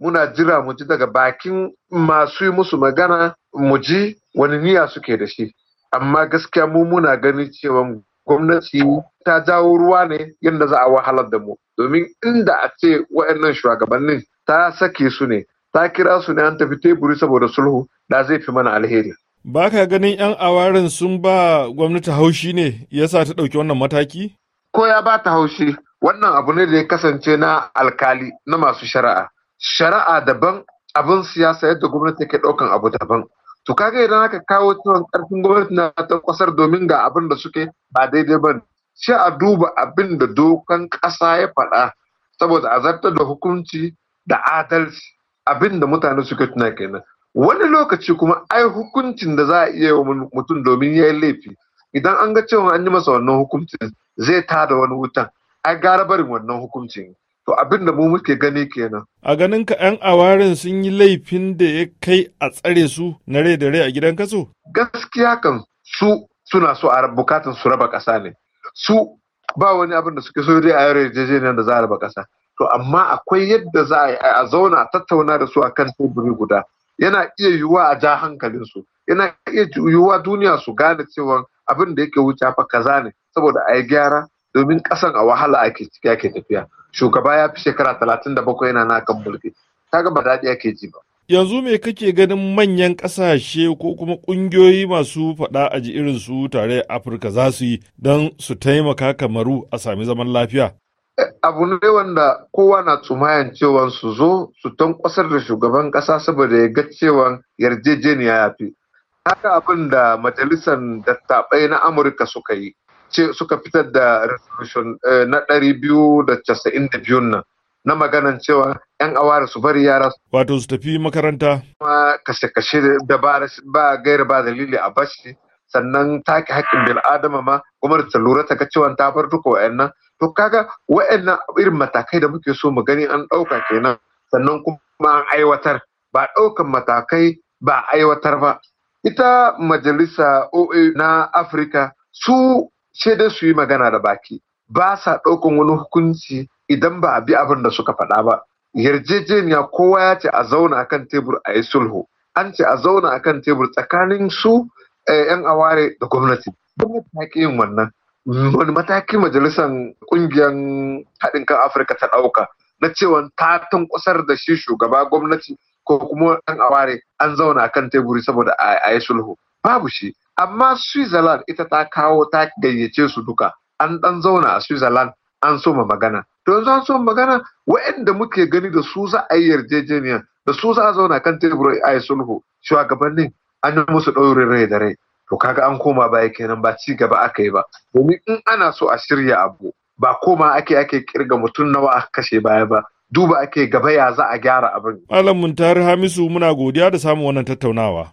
muna jira mu ji daga bakin masu yi musu magana mu ji wani niyya suke da shi amma gaskiya mu muna gani cewa gwamnati ta jawo ruwa ne yadda za a wahalar da mu domin inda a ce wa'annan shugabannin ta sake su ne ta kira su ne an tafi teburi saboda sulhu da zai fi mana alheri ba ka ganin 'yan awarin sun ba gwamnati haushi ne yasa ta ɗauki wannan mataki ko ya ba ta haushi wannan abu ne da ya kasance na alkali na masu shari'a shari'a daban abin siyasa yadda gwamnati ke ɗaukan abu daban to kaga idan aka kawo cewa karfin gwamnati na ta kasar domin ga abin da suke ba daidai ba sai a duba abin da dokan ƙasa ya faɗa saboda a zartar da hukunci da adalci abin da mutane suke tuna kenan wani lokaci kuma ai hukuncin da za a iya yi mutum domin ya yi laifi idan an ga cewa an yi masa wannan hukuncin zai tada wani wutan ai gara barin wannan hukuncin To abin da mu muke gani kenan. A ganin ka 'yan awarin sun yi laifin da ya kai a tsare su na rai da rai a gidan kaso? Gaskiya kan su suna so a bukatan su raba ƙasa ne. Su ba wani abin da suke so dai a yare yarjejeniyar da za a raba ƙasa. To amma akwai yadda za a zauna a tattauna da su akan teburi guda. Yana iya yiwuwa a ja su. Yana iya yiwuwa duniya su gane cewa abin da yake wuce fa kaza ne saboda a yi gyara domin kasan a wahala ake ciki ake tafiya shugaba ya fi shekara talatin da bakwai yana na kan mulki kaga ba daɗi ake ji ba yanzu me kake ganin manyan ƙasashe ko kuma ƙungiyoyi masu faɗa a ji irin su tare afirka za su yi don su taimaka kamaru a sami zaman lafiya eh, abu ne wanda kowa na tsumayan cewa su zo su tankwasar da shugaban ƙasa saboda ya ga cewa yarjejeniya ya fi haka abin da majalisar dattabai na amurka suka yi ce suka fitar da resolution eh, na ɗari biyu da casa'in da biyun nan na maganan cewa 'yan awara su bari yara wato su tafi makaranta kuma kashe-kashe da ba gaira ba dalili a bashi sannan take haƙƙin bil adama ma kuma ta lura ta ga cewa ta bar duka wa'annan to kaga wa'annan irin matakai da muke so mu gani an ɗauka kenan sannan kuma an aiwatar ba ɗaukan matakai ba aiwatar ba ita majalisa oa na afirka su sai dai su yi magana da baki ba sa ɗaukan wani hukunci idan ba a bi abin da suka faɗa ba yarjejeniya kowa ya ce a zauna akan tebur a yi sulhu an ce a zauna akan tebur tsakanin su yan eh, aware da gwamnati gwamnati ta yin wannan wani mataki majalisar ƙungiyar haɗin kan afirka ta ɗauka na cewa ta tunkusar da shi shugaba gwamnati ko kuma yan aware an zauna akan tebur saboda a yi sulhu babu shi amma Switzerland ita ta kawo ta gayyace su duka an dan zauna a Switzerland an soma magana to yanzu an soma magana wa'inda muke gani da su za a yi yarjejeniya da su za a zauna kan tebur a yi sulhu shugabannin an yi musu ɗaurin rai da rai to kaga an koma baya kenan ba ci gaba aka yi ba domin in ana so a shirya abu ba koma ake ake kirga mutum nawa aka kashe baya ba duba ake gaba ya za a gyara abin. Malam Muntari Hamisu muna godiya da samun wannan tattaunawa.